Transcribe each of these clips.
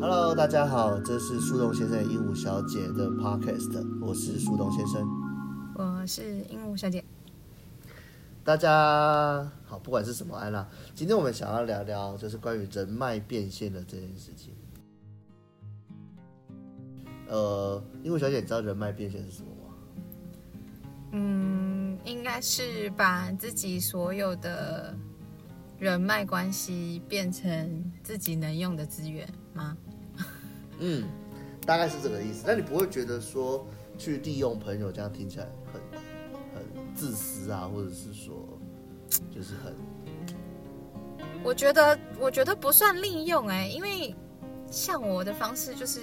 Hello，大家好，這是樹洞先生、鸚鵡小姐的 podcast，我是樹洞先生，我是鸚鵡小姐。大家好，不管是什麼，安娜，今天我們想要聊聊就是關於人脈變現的這件事情。呃，鸚鵡小姐，你知道人脈變現是什麼嗎？嗯，應該是把自己所有的人脈關係變成自己能用的資源嗎？嗯，大概是這個意思。但你不會覺得說去利用朋友這樣聽起來很很自私啊，或者是說就是很？我覺得我覺得不算利用欸，因為像我的方式就是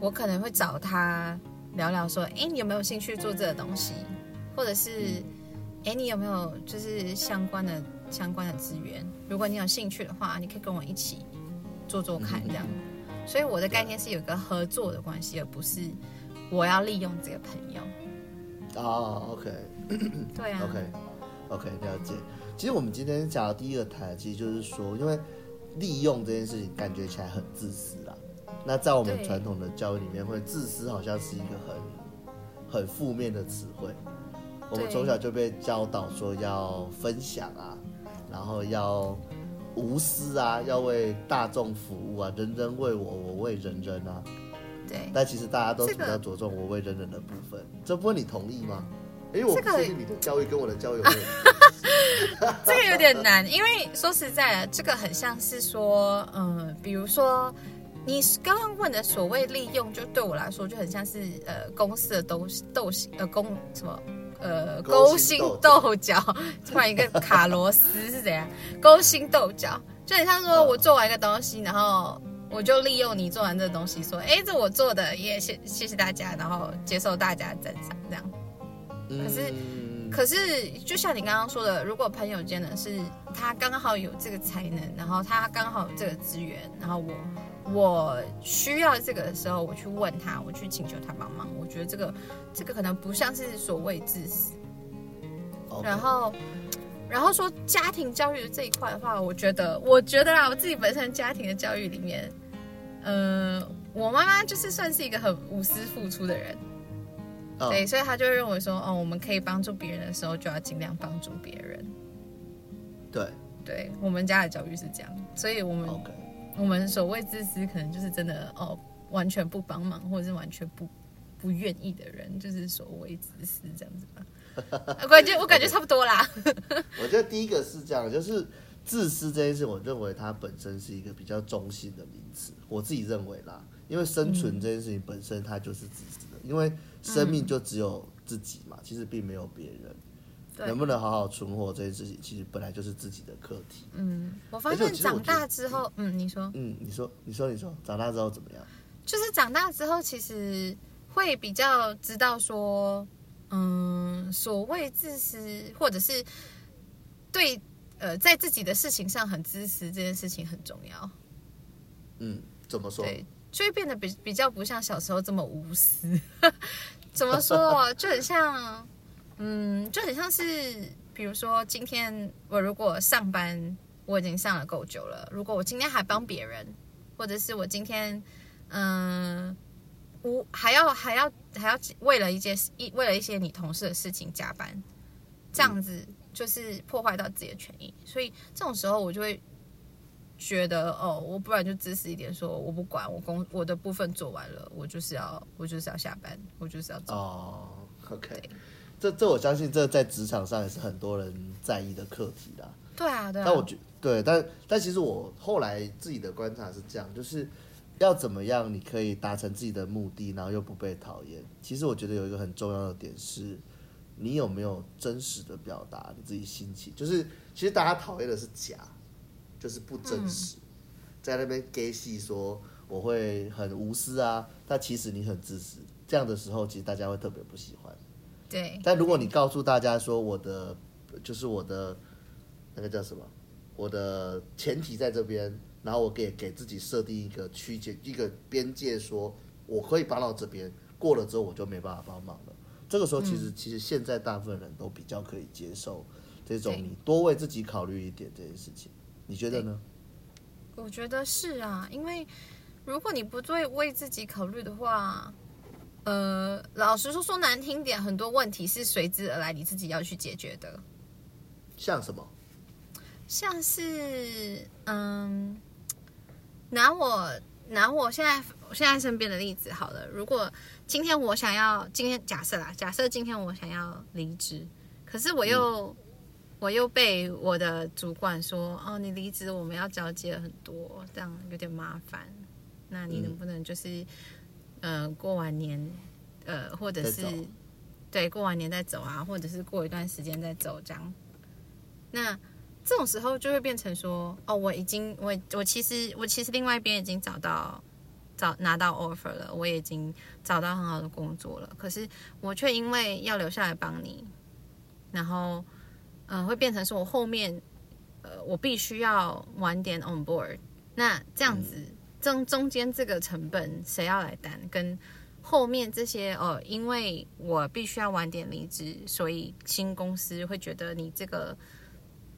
我可能會找他聊聊說，欸，你有沒有興趣做這個東西？或者是嗯，欸，你有沒有就是相關的相關的資源？如果你有興趣的話，你可以跟我一起做做看這樣。嗯所以我的概念是有個合作的關係，而不是我要利用這個朋友。哦 OK 對啊，OK，OK，OK，OK，了解。其實我們今天講的第一個台，其實就是說，因為利用這件事情感覺起來很自私啊。那在我們傳統的教育裡面，會自私好像是一個很很負面的詞彙。我們從小就被教導說要分享啊，然後要。無私啊，要為大眾服務啊，人人為我，我為人人啊。對。但其實大家都比較着重我為人人的部分。這，個、這不問你同意嗎？哎、嗯欸這個，我不介意你的教育跟我的交友。 這個有點難，因為說實在，這個很像是說，嗯，比如說你剛剛問的所謂利用，就對我來說就很像是呃公司的東東西，呃公什麼。呃，勾心鬥角，換 一個卡羅斯是怎樣？ 勾心鬥角，就很像說我做完一個東西，然後我就利用你做完這個東西，說，哎、欸，這是我做的，也謝謝謝大家，然後接受大家的讚賞，這樣。嗯、可是。可是，就像你剛剛說的，如果朋友間的是他剛好有這個才能，然後他剛好有這個資源，然後我我需要這個的時候，我去問他，我去請求他幫忙，我覺得這個這個可能不像是所謂自私。Okay. 然後，然後說家庭教育這一塊的話，我覺得，我覺得啦，我自己本身家庭的教育裡面，呃，我媽媽就是算是一個很無私付出的人。Oh. 對，所以他就會認為說，哦，我們可以幫助別人的時候，就要盡量幫助別人。對，對我們家的教育是這樣，所以我們、okay. 我們所謂自私，可能就是真的哦，完全不幫忙，或者是完全不不願意的人，就是所謂自私這樣子吧、 okay. 啊。我感覺差不多啦。 我覺得第一個是這樣，就是自私這件事，我認為它本身是一個比較中性的名詞。我自己認為啦，因為生存這件事情本身它就是自私的，嗯、因為。生命就只有自己嘛，嗯、其實並沒有別人。能不能好好存活這件事情，其實本來就是自己的課題。嗯，我發現、欸、我長大之後，嗯，你說，嗯，你說，你說，你說，長大之後怎麼樣？就是長大之後，其實會比較知道說，嗯，所謂自私，或者是對呃，在自己的事情上很自私這件事情很重要。嗯，怎麼說？就會變得比比較不像小時候這麼無私， 怎麼說就很像， 嗯，就很像是比如說，今天我如果上班我已經上了夠久了，如果我今天還幫別人，或者是我今天嗯、呃、無還要還要還要為了一件事一為了一些你同事的事情加班，這樣子就是破壞到自己的權益，嗯、所以這種時候我就會。覺得哦，我不然就自私一點說，說我不管，我工我的部分做完了，我就是要我就是要下班，我就是要走。哦，oh，OK，這這我相信這在職場上也是很多人在意的課題啦。對 啊，對啊。但我覺對，但但其實我後來自己的觀察是這樣，就是要怎麼樣你可以達成自己的目的，然後又不被討厭。其實我覺得有一個很重要的點是，你有沒有真實的表達你自己心情？就是其實大家討厭的是假。就是不真實，在那邊給戲說我會很無私啊，但其實你很自私。這樣的時候，其實大家會特別不喜歡。對。但如果你告訴大家說我的就是我的那個叫什麼，我的前提在這邊，然後我給給自己設定一個區間一個邊界，說我可以幫到這邊，過了之後我就沒辦法幫忙了。這個時候，其實其實現在大部分人都比較可以接受這種你多為自己考慮一點這件事情。你覺得呢？我覺得是啊，因為如果你不對為自己考慮的話，呃，老實說，說難聽點，很多問題是隨之而來，你自己要去解決的。像什麼？像是，嗯，拿我拿我現在我現在身邊的例子好了。如果今天我想要，今天，假設啦，假設今天我想要離職，可是我又。嗯我又被我的主管說：“哦，你離職，我們要交接很多，這樣有點麻煩。那你能不能就是，嗯、呃，過完年，呃，或者是對，過完年再走啊，或者是過一段時間再走這樣？那這種時候就會變成說：哦，我已經，我我其實我其實另外一邊已經找到找拿到 offer 了，我已經找到很好的工作了，可是我卻因為要留下來幫你，然後。”嗯、呃，會變成說我後面，呃，我必須要晚點 on board。那這樣子中、嗯、中間這個成本誰要來擔？跟後面這些哦，因為我必須要晚點離職，所以新公司會覺得你這個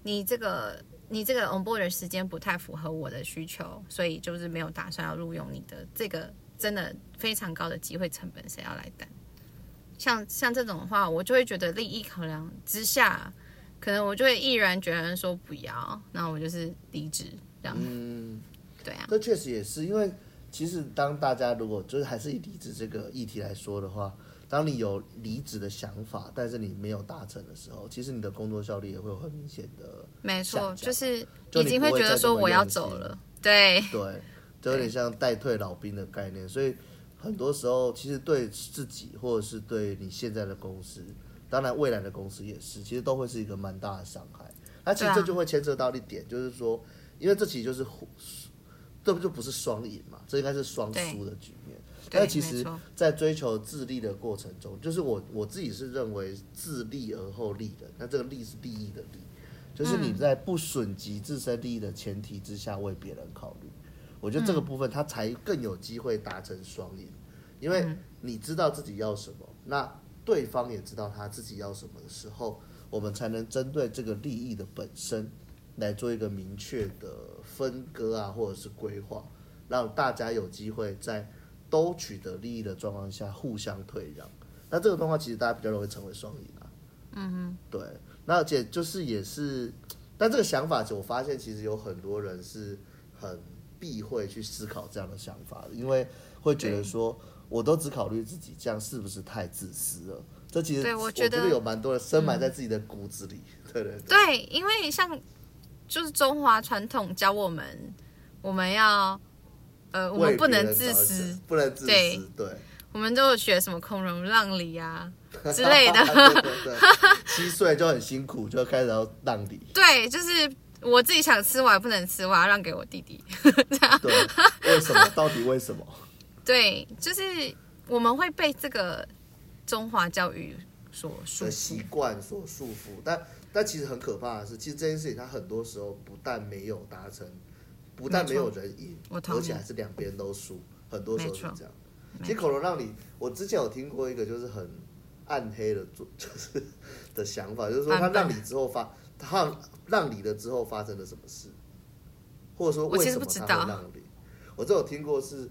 你這個你這個 on board 的時間不太符合我的需求，所以就是沒有打算要錄用你的。這個真的非常高的機會成本，誰要來擔？像像這種的話，我就會覺得利益考量之下。可能我就會毅然決然說不要，那我就是離職這樣。嗯，對啊。這確實也是，因為其實當大家如果就是還是以離職這個議題來說的話，當你有離職的想法、嗯，但是你沒有達成的時候，其實你的工作效率也會有很明顯的。沒錯，就是已經會覺得說我要走了。對對，就有點像待退老兵的概念，所以很多時候其實對自己或者是對你現在的公司。當然，未來的公司也是，其實都會是一個蠻大的傷害。那其實這就會牽扯到一點，就是說、啊，因為這其實就是，這不就不是雙贏嘛？這應該是雙輸的局面。但其實，在追求自利的過程中，就是我我自己是認為自利而後利的。那這個利是利益的利，就是你在不損及自身利益的前提之下為別人考慮、嗯。我覺得這個部分它才更有機會達成雙贏，因為你知道自己要什麼。那對方也知道他自己要什麼的時候，我們才能針對這個利益的本身，來做一個明確的分割啊，或者是規劃，讓大家有機會在都取得利益的狀況下互相退讓。那這個狀況其實大家比較容易成為雙贏啊。嗯嗯，對。那而且就是也是，但這個想法就我發現其實有很多人是很避諱去思考這樣的想法的，因為會覺得說。我都只考慮自己，這樣是不是太自私了？這其實對我覺，我覺得有蠻多的深埋在自己的骨子裡。嗯、對對對，對。因為像就是中華傳統教我們，我們要呃，我們不能自私，不能自私。對，對我們都有學什麼孔融讓梨啊之類的。七 對 歲就很辛苦，就開始要讓梨。對，就是我自己想吃，我也不能吃，我要讓給我弟弟。這樣。對，為什麼？到底為什麼？ 對，就是我們會被這個中華教育所、的習慣所束縛但。但但其實很可怕的是，其實這件事情它很多時候不但沒有達成，不但沒有人贏，而且還是兩邊都輸。很多時候是這樣。其實孔融讓梨，我之前有聽過一個就是很暗黑的，就是的想法，就是說他讓梨之後發他讓梨了之後發生了什麼事，或者說為什麼他會讓梨？我這有聽過是。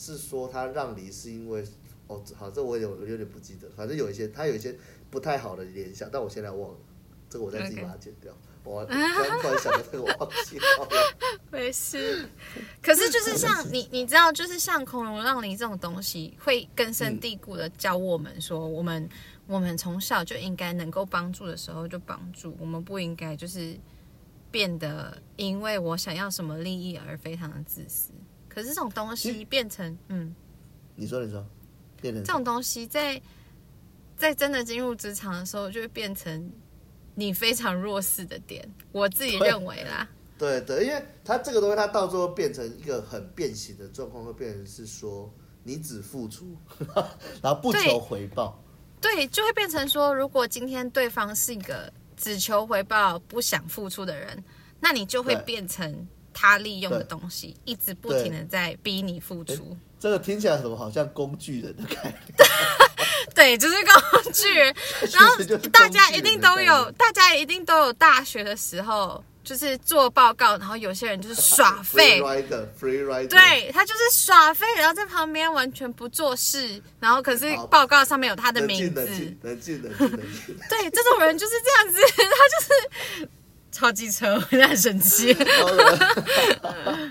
是說他讓梨是因為，哦，好，這我有有點不記得，反正有一些他有一些不太好的聯想，但我現在忘了，這個我再自己把它剪掉。我、okay. 啊、突然想到這個， 我忘記了。沒事，可是就是像 你，你知道，就是像孔融讓梨這種東西，會根深蒂固的教我們說，嗯、我們我們從小就應該能夠幫助的時候就幫助，我們不應該就是變得因為我想要什麼利益而非常的自私。可是這種東西變成，嗯，你說你說，變成這種東西在在真的進入職場的時候，就會變成你非常弱勢的點，我自己認為啦。對對，對，因為它這個東西，它到最後變成一個很變形的狀況，會變成是說你只付出，呵呵然後不求回報。對，對，就會變成說，如果今天對方是一個只求回報、不想付出的人，那你就會變成。他利用的東西，一直不停的在逼你付出。這個聽起來怎麼好像工具人的概念？ 對，就是工具人。然後大家一定都有，大家一定都有大學的時候，就是做報告，然後有些人就是耍廢，free rider 對他就是耍廢，然後在旁邊完全不做事，然後可是報告上面有他的名字， 對，這種人就是這樣子，他就是。超機車，真的很神奇。 oh,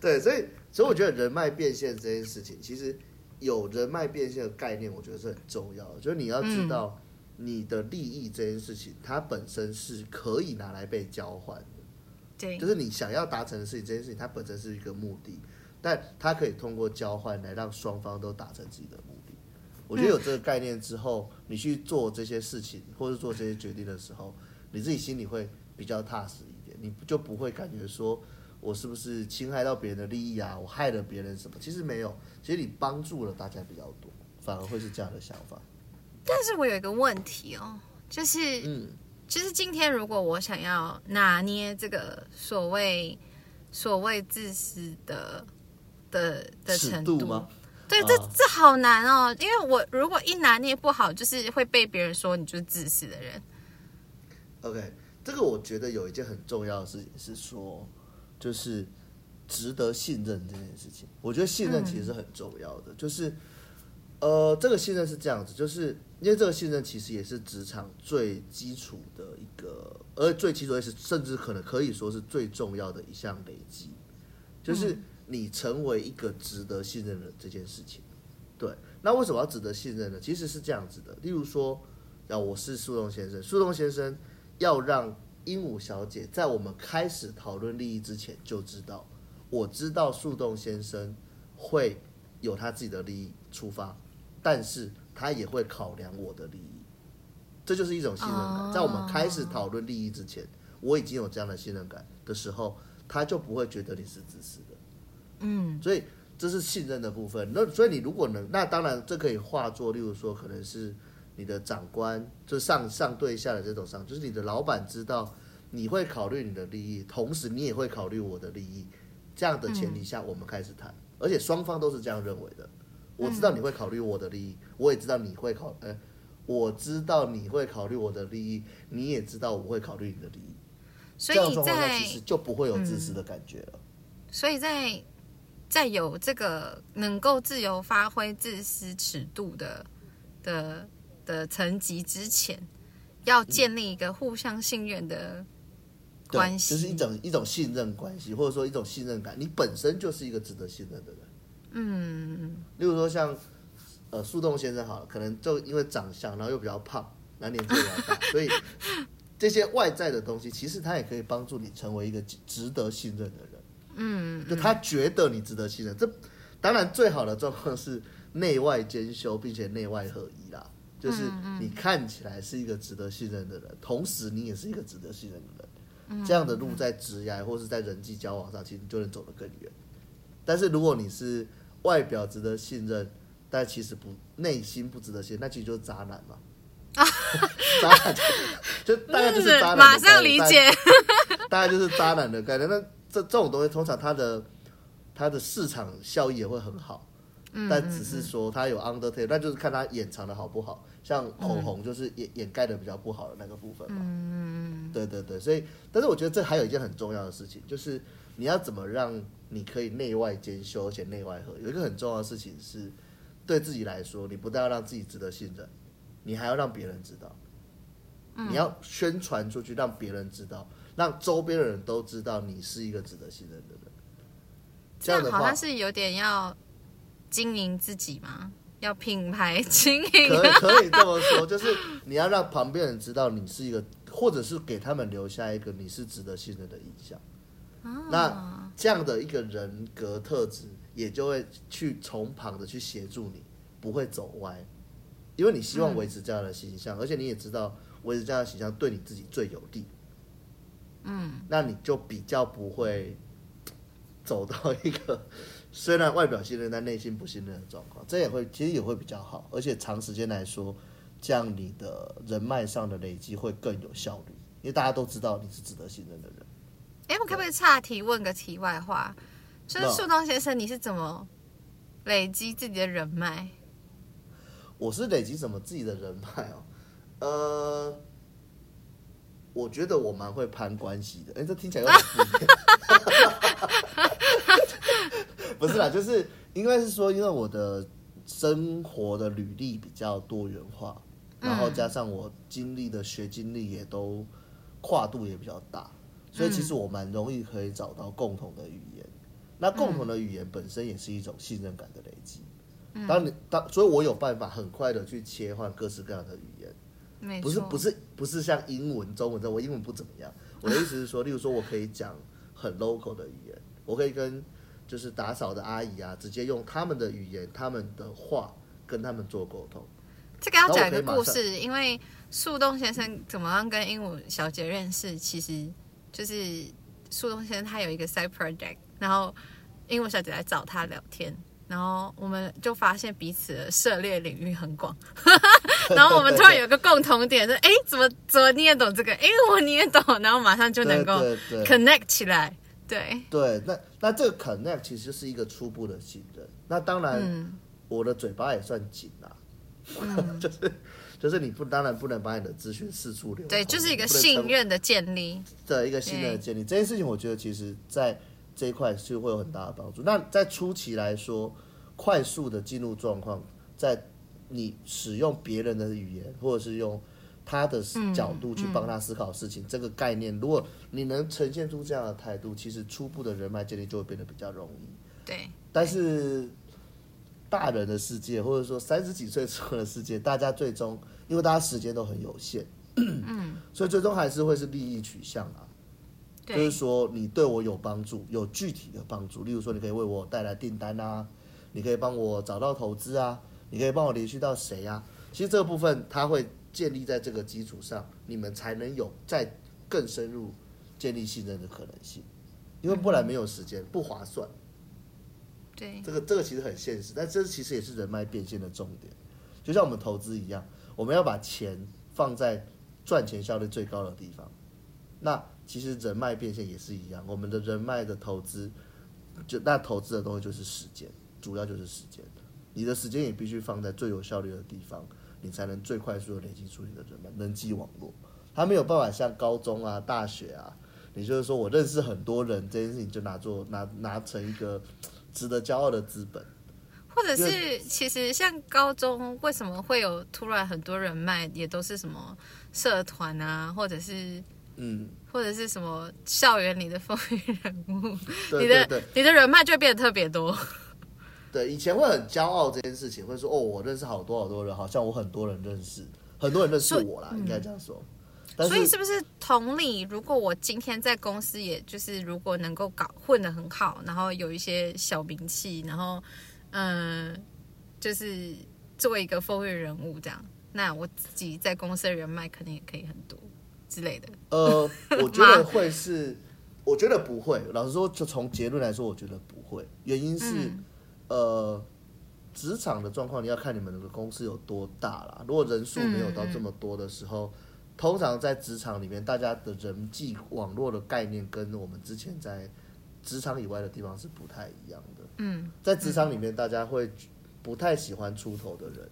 對， 對，所以所以我覺得人脈變現這件事情，其實有人脈變現的概念，我覺得是很重要的。就是你要知道，你的利益這件事情、嗯，它本身是可以拿來被交換的。對，就是你想要達成的事情，這件事情它本身是一個目的，但它可以通過交換來讓雙方都達成自己的目的。我覺得有這個概念之後，你去做這些事情或者做這些決定的時候，你自己心裡會。比較踏實一點，你就不會感覺說我是不是侵害到別人的利益啊？我害了別人什麼？其實沒有，其實你幫助了大家比較多，反而會是這樣的想法。但是我有一個問題哦，就是，嗯，其實今天如果我想要拿捏這個所謂所謂自私的的的程度嗎？對，啊，這這好難哦，因為我如果一拿捏不好，就是會被別人說你就是自私的人。OK。這個我覺得有一件很重要的事情是說，就是值得信任這件事情。我覺得信任其實是很重要的，就是呃，這個信任是這樣子，就是因為這個信任其實也是職場最基礎的一個，而最基礎也是甚至可能可以說是最重要的一項累積，就是你成為一個值得信任的這件事情。對，那為什麼要值得信任呢？其實是這樣子的，例如說，啊，我是蘇東先生，蘇東先生。要讓鸚鵡小姐在我們開始討論利益之前就知道，我知道樹洞先生會有他自己的利益出發，但是他也會考量我的利益，這就是一種信任感。在我們開始討論利益之前，我已經有這樣的信任感的時候，他就不會覺得你是自私的。嗯，所以這是信任的部分。那所以你如果能，那當然這可以化作，例如說可能是。你的長官就上上對下的這種上，就是你的老闆知道你會考慮你的利益，同時你也會考慮我的利益。這樣的前提下，我們開始談、嗯，而且雙方都是這樣認為的、嗯。我知道你會考慮我的利益，我也知道你會考，哎、呃，我知道你會考慮我的利益，你也知道我會考慮你的利益。所以在這樣狀況下，其實就不會有自私的感覺了、嗯。所以在，在有這個能夠自由發揮自私尺度的的。的層級之前，要建立一個互相信任的關係、嗯，就是一種一種信任關係，或者說一種信任感。你本身就是一個值得信任的人，嗯，例如說像呃樹洞先生，好了，可能就因為長相，然後又比較胖，然後年紀比較大， 所以這些外在的東西，其實他也可以幫助你成為一個值得信任的人，嗯，就他覺得你值得信任。嗯、這當然最好的狀況是內外兼修，並且內外合一。就是你看起來是一個值得信任的人，嗯嗯，同時你也是一個值得信任的人，嗯嗯嗯這樣的路在職涯或是在人際交往上，其實你就能走得更遠。但是如果你是外表值得信任，但其實不內心不值得信任，那其實就是渣男嘛。渣、啊、男、 啊、就大概就是渣男大，馬上理解，大概就是渣男的概念。 那這這種東西，通常它的它的市場效益也會很好，但只是說它有 undertake，、嗯嗯、那就是看它掩藏的好不好。像口紅、嗯、就是掩掩蓋的比較不好的那個部分嘛。嗯，對對對，所以，但是我覺得這還有一件很重要的事情，就是你要怎麼讓你可以內外兼修，而且內外合。有一個很重要的事情是，對自己來說，你不但要讓自己值得信任，你還要讓別人知道，嗯、你要宣傳出去，讓別人知道，讓周邊的人都知道你是一個值得信任的人。這樣好像是有點要經營自己嗎？要品牌經營。可，可可以這麼說， 就是你要讓旁邊人知道你是一個，或者是給他們留下一個你是值得信任的印象。啊、那這樣的一個人格特質，也就會去從旁的去協助你，不會走歪，因為你希望維持這樣的形象，嗯，而且你也知道維持這樣的形象對你自己最有利。嗯，那你就比較不會。走到一個雖然外表信任，但內心不信任的狀況，這也會其實也會比較好，而且長時間來說，這樣你的人脈上的累積會更有效率，因為大家都知道你是值得信任的人。哎，我可不可以岔題問個題外話？就是樹洞先生，你是怎麼累積自己的人脈？我是累積什麼自己的人脈哦？呃，我覺得我蠻會攀關係的。哎，這聽起來有點 不是啦，就是應該是說，因為我的生活的履歷比較多元化，嗯，然後加上我經歷的學經歷也都跨度也比較大，所以其實我蠻容易可以找到共同的語言，嗯。那共同的語言本身也是一種信任感的累積，嗯。當你當，所以我有辦法很快的去切換各式各樣的語言，不是不是不是像英文、中文這樣。我英文不怎麼樣。我的意思是說， 例如說我可以講。很 local 的語言，我可以跟就是打掃的阿姨啊，直接用他們的語言、他們的話跟他們做溝通。這個要講一個故事，因為樹洞先生怎麼樣跟鸚鵡小姐認識，其實就是樹洞先生他有一個 side project，然後鸚鵡小姐來找他聊天。然後我們就發現彼此的涉獵領域很廣，呵呵然後我們突然有一個共同點就哎，怎麼怎麼你也懂這個？哎，我你也懂，然後馬上就能夠 connect 起來，對對，對，對，對。那那這個 connect 其實是一個初步的信任。那當然，嗯、我的嘴巴也算緊啊，嗯、 就是就是你不當然不能把你的資訊四處流對，就是一個信任的建立對，一個信任的建立。這件事情我覺得其實在。這一塊就會有很大的幫助。那在初期來說，快速的進入狀況，在你使用別人的語言，或者是用他的角度去幫他思考事情、嗯嗯，這個概念，如果你能呈現出這樣的態度，其實初步的人脈建立就會變得比較容易。對。但是大人的世界，或者說三十幾歲之後的世界，大家最終因為大家時間都很有限咳咳，嗯，所以最終還是會是利益取向啊。就是說，你對我有幫助，有具體的幫助，例如說，你可以為我帶來訂單啊，你可以幫我找到投資啊，你可以幫我聯繫到誰啊。其實這個部分它會建立在這個基礎上，你們才能有再更深入建立信任的可能性，因為不然沒有時間，嗯、不划算。對，這個這個其實很現實，但這其實也是人脈變現的重點。就像我們投資一樣，我們要把錢放在賺錢效率最高的地方。那。其實人脈變現也是一樣，我們的人脈的投資，就那投資的東西就是時間，主要就是時間。你的時間也必須放在最有效率的地方，你才能最快速的累積出你的人脈、人際網絡。他沒有辦法像高中啊、大學啊，也就是說我認識很多人這件事情，你就拿做拿拿成一個值得驕傲的資本。或者是其實像高中，為什麼會有突然很多人脈，也都是什麼社團啊，或者是。嗯，或者是什麼校園裡的風雲人物， 你的對對對，你的人脈就會變得特別多。對，以前會很驕傲這件事情，會說哦，我認識好多好多人，好像我很多人認識，很多人認識我啦，嗯、應該這樣說。所以是不是同理？如果我今天在公司，也就是如果能夠搞混得很好，然後有一些小名氣，然後嗯，就是作為一個風雲人物這樣，那我自己在公司的人脈肯定也可以很多。之類的，呃， 我覺得會是，我覺得不會。老實說，就從結論來說，我覺得不會。原因是，呃，職場的狀況，你要看你們的公司有多大啦。如果人數沒有到這麼多的時候，通常在職場裡面，大家的人際網絡的概念跟我們之前在職場以外的地方是不太一樣的。嗯，在職場裡面，大家會不太喜歡出頭的人。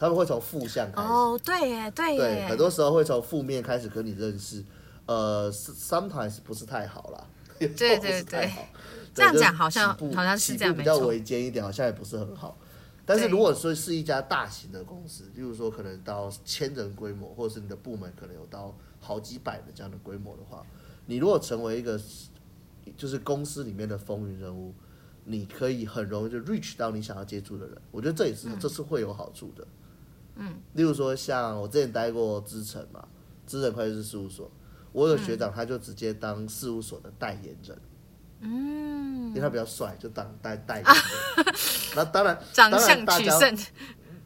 他們會從負向開始哦、oh,，對耶，對耶，對，很多時候會從負面開始跟你認識，呃，sometimes 不是太好啦，也不是太好，這樣講好像、就是、好像是這樣沒錯，比較為艱一點，好像也不是很好。但是如果說是一家大型的公司，例如說可能到千人規模，或者是你的部門可能有到好幾百的這樣的規模的話，你如果成為一個就是公司裡面的風雲人物，你可以很容易就 reach 到你想要接觸的人，我覺得這也是、嗯、這是會有好處的。例如說像我之前待過資誠嘛，資誠會計師事務所，我有學長，他就直接當事務所的代言人，嗯，因為他比較帥，就當代代言人。啊、那當然、啊、當然，長相取勝，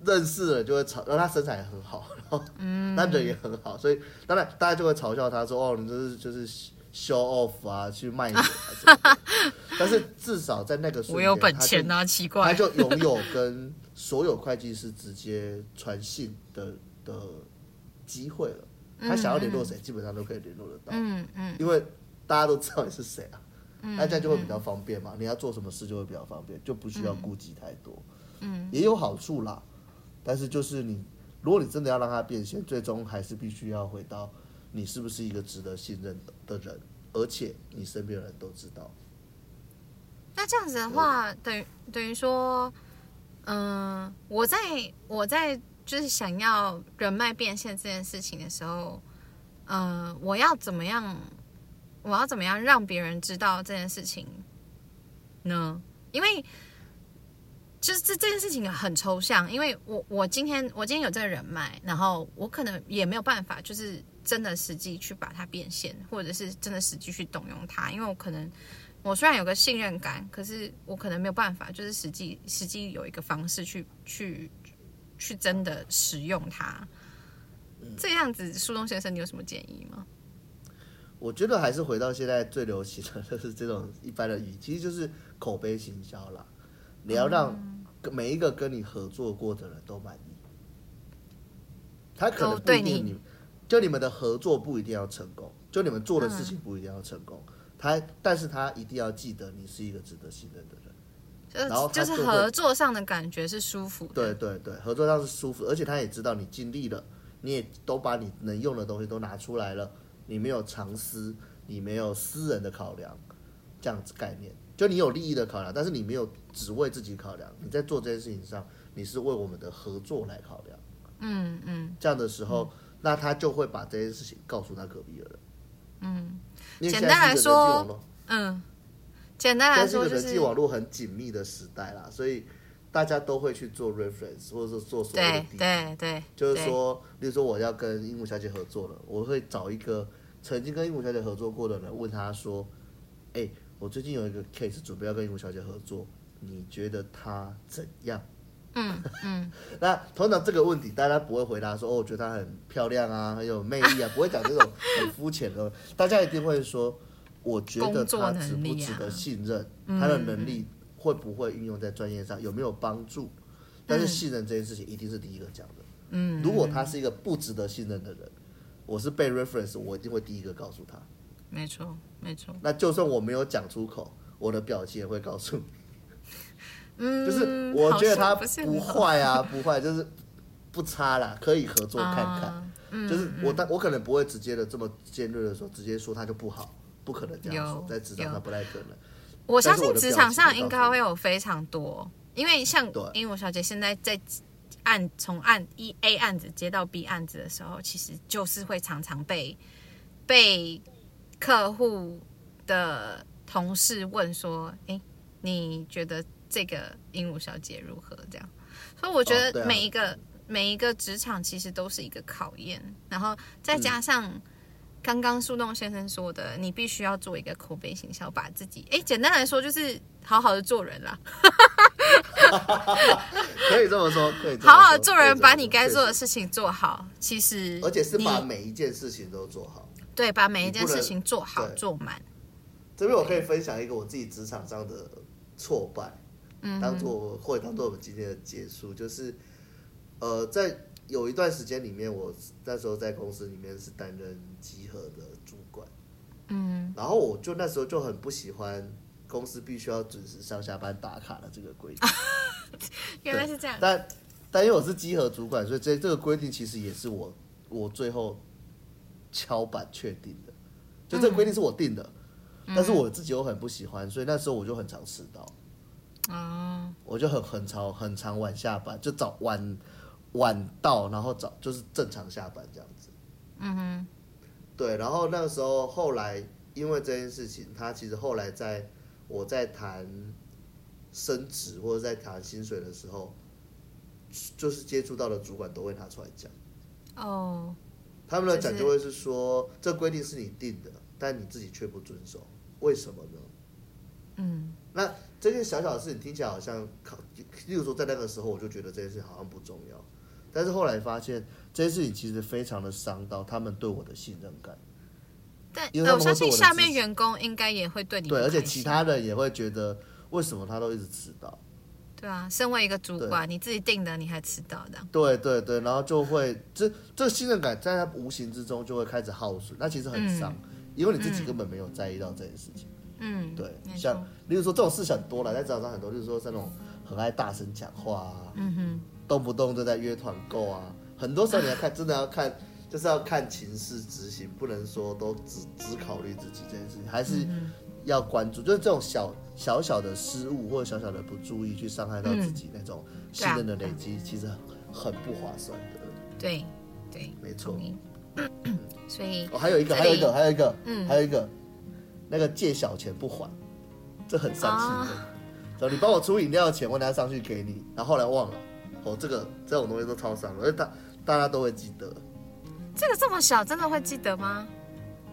認識了就會吵，然後他身材也很好，然後人、嗯、也很好，所以當然大家就會嘲笑他說哦，你這是就是 show off 啊，去賣、啊。啊、但是至少在那個時候我有本錢吶、啊，奇怪，他就擁有跟。所有會計師直接傳信的的機會了，他想要聯絡誰，基本上都可以聯絡得到。嗯嗯，因為大家都知道你是誰啊，那這樣就會比較方便嘛。你要做什麼事就會比較方便，就不需要顧忌太多。也有好處啦，但是就是你，如果你真的要讓他變現，最終還是必須要回到你是不是一個值得信任的的人，而且你身邊人都知道。那這樣子的話，等於等於說。嗯、呃，我在，我在就是想要人脈變現這件事情的時候，嗯、呃，我要怎麼樣，我要怎麼樣讓別人知道這件事情呢？因為就是這這件事情很抽象，因為我我今天我今天有這個人脈，然後我可能也沒有辦法，就是真的實際去把它變現，或者是真的實際去動用它，因為我可能。我雖然有個信任感，可是我可能沒有辦法，就是實際實際有一個方式去去去真的使用它，這樣子，樹洞先生，你有什麼建議嗎？我覺得還是回到現在最流行的，就是這種一般的語，其實就是口碑行銷啦。你要讓每一個跟你合作過的人都滿意，他可能你對你，就你們的合作不一定要成功，就你們做的事情不一定要成功。嗯他，但是他一定要記得你是一個值得信任的人，然後就，就是合作上的感覺是舒服。對對對，合作上是舒服，而且他也知道你盡力了，你也都把你能用的東西都拿出來了，你沒有藏私，你沒有私人的考量，這樣子概念，就你有利益的考量，但是你沒有只為自己考量，你在做這件事情上，你是為我們的合作來考量。嗯嗯，這樣的時候，嗯，那他就會把這件事情告訴他隔壁的人。嗯，簡單來說，嗯，簡單來說就是，是人際網絡很緊密的時代啦，所以大家都會去做 reference，或者是做所謂的對對對，就是說，比如說我要跟鸚鵡小姐合作了，我會找一個曾經跟鸚鵡小姐合作過的人，問他說，哎，我最近有一個 case 準備要跟鸚鵡小姐合作，你覺得她怎樣？嗯嗯，嗯 那通常這個問題大家不會回答說哦，我覺得她很漂亮啊，很有魅力啊， 不會講這種很膚淺的、啊。大家一定會說，我覺得她值不值得信任，她、啊嗯、的能力會不會運用在專業上，有沒有幫助、嗯？但是信任這件事情一定是第一個講的。嗯，如果他是一個不值得信任的人，我是被 reference，我一定會第一個告訴他。沒錯，沒錯。那就算我沒有講出口，我的表情也會告訴你。嗯，就是我覺得他不壞啊，啊，不壞，就是不差啦，可以合作看看。嗯、就是我，但、嗯、我，我可能不會直接的這麼尖銳的時候直接說他就不好，不可能這樣說，有在職場上不太可能。我，我相信職場上應該會，會有非常多，因為像對因為我小姐現在在案從案一 A 案子接到 B 案子的時候，其實就是會常常被被客戶的同事問說：“哎、欸，你覺得？”這個鸚鵡小姐如何這樣？所以我覺得每一個、哦啊、每一個職場其實都是一個考驗。然後再加上剛剛樹洞先生說的、嗯，你必須要做一個口碑行銷，把自己哎，簡單來說就是好好的做人啦。 可以這麼說，可以這麼說，好好的做人，把你該做的事情做好。其實而且是把每一件事情都做好。對，把每一件事情做好做滿。這邊我可以分享一個我自己職場上的挫敗。當做我會當做我們今天的結束，嗯，就是，呃，在有一段時間裡面，我那時候在公司裡面是擔任集合的主管，嗯，然後我就那時候就很不喜歡公司必須要準時上下班打卡的這個規定， 原來是這樣。但但因為我是集合主管，所以這這個規定其實也是我我最後敲板確定的，就這個規定是我定的，嗯，但是我自己又很不喜歡，所以那時候我就很常遲到。啊、oh.，我就很很常很常晚下班，就早晚晚到，然後早就是正常下班這樣子。嗯哼，對。然後那個時候，後來因為這件事情，他其實後來在我在談升職或者在談薪水的時候，就是接觸到的主管都會拿出來講。哦、oh.。他們的講究會是說，這規定是你定的，但你自己卻不遵守，為什麼呢？嗯、mm -hmm.。那。這些小小的事情聽起來好像，例如說在那個時候，我就覺得這件事情好像不重要。但是後來發現，這些事情其實非常的傷到他們對我的信任感。但，我，但我相信下面員工應該也會對你，對，而且其他人也會覺得為什麼他都一直遲到。對啊，身為一個主管，你自己定的你還遲到的對。對對對，然後就會這這信任感在他無形之中就會開始耗損，那其實很傷，嗯，因為你自己根本沒有在意到這件事情。嗯，對，像例如說這種事情很多了，在職場上很多，就是說像那種很愛大聲講話啊，嗯哼，動不動就在約團購啊，很多時候你要看，啊，真的要看，就是要看情勢執行，不能說都只只考慮自己這件事情，還是要關注，嗯，就是這種小小小的失誤或者小小的不注意去傷害到自己那種信任的累積，嗯，其實很不划算的。對，對，沒錯。 所以哦，還有一個，還有一個，還有一個，還有一個，嗯，還有一個。那個借小錢不還，這很傷心的。走、oh.，你幫我出飲料的錢，我拿上去給你。然後後來忘了，哦，這個這種東西都超傷的。而大大家都會記得。這個這麼小，真的會記得嗎？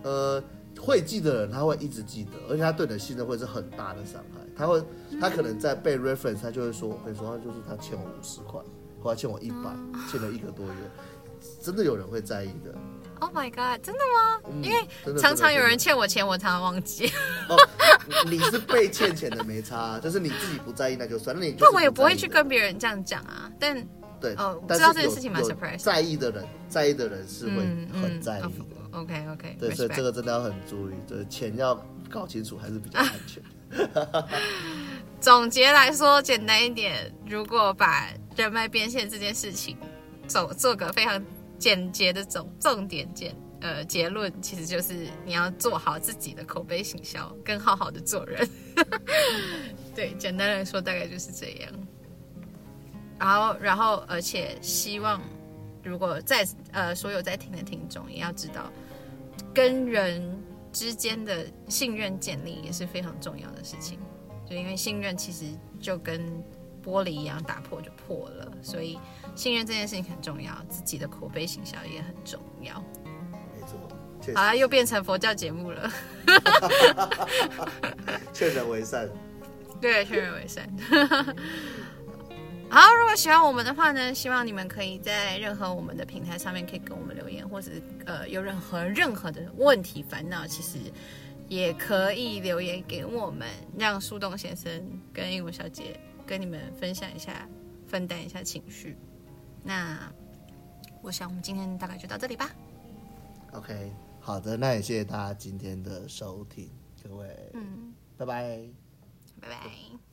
呃，會記得的人他會一直記得，而且他對你的信任會是很大的傷害。他會，他可能在被 reference，他就會說，會說他就是他欠我五十塊，後來欠我一百，欠了一個多月，真的有人會在意的。Oh my god！真的嗎、嗯，真的？因為常常有人欠我錢，我常常忘記、哦。你是被欠錢的沒差、啊， 就是你自己不在意那就算了。那你不我也不會去跟別人這樣講啊。但對，我、哦、知道這件事情蠻 surprise。在意的人，在意的人是會很在意的、嗯嗯。OK OK，對，所以這個真的要很注意，對、就是、錢要搞清楚還是比較安全。 總結來說，簡單一點，如果把人脈變現這件事情走，做做個非常。簡潔的總重點簡呃結呃結論，其實就是你要做好自己的口碑行銷，跟好好的做人。 對，簡單來說大概就是這樣。然後然後而且希望如果在呃所有在聽的聽眾也要知道，跟人之間的信任建立也是非常重要的事情。就因為信任其實就跟。玻璃一樣打破就破了，所以信任這件事情很重要，自己的口碑形象也很重要。沒錯。好了，又變成佛教節目了。 勸人為善。對，勸人為善。 好，如果喜歡我們的話呢，希望你們可以在任何我們的平台上面可以給我們留言，或者呃有任何任何的問題煩惱，其實也可以留言給我們，讓樹洞先生跟英文小姐跟你們分享一下，分擔一下情緒。那我想我們今天大概就到這裡吧。OK，好的，那也謝謝大家今天的收聽，各位，嗯，拜拜，拜拜。Bye bye。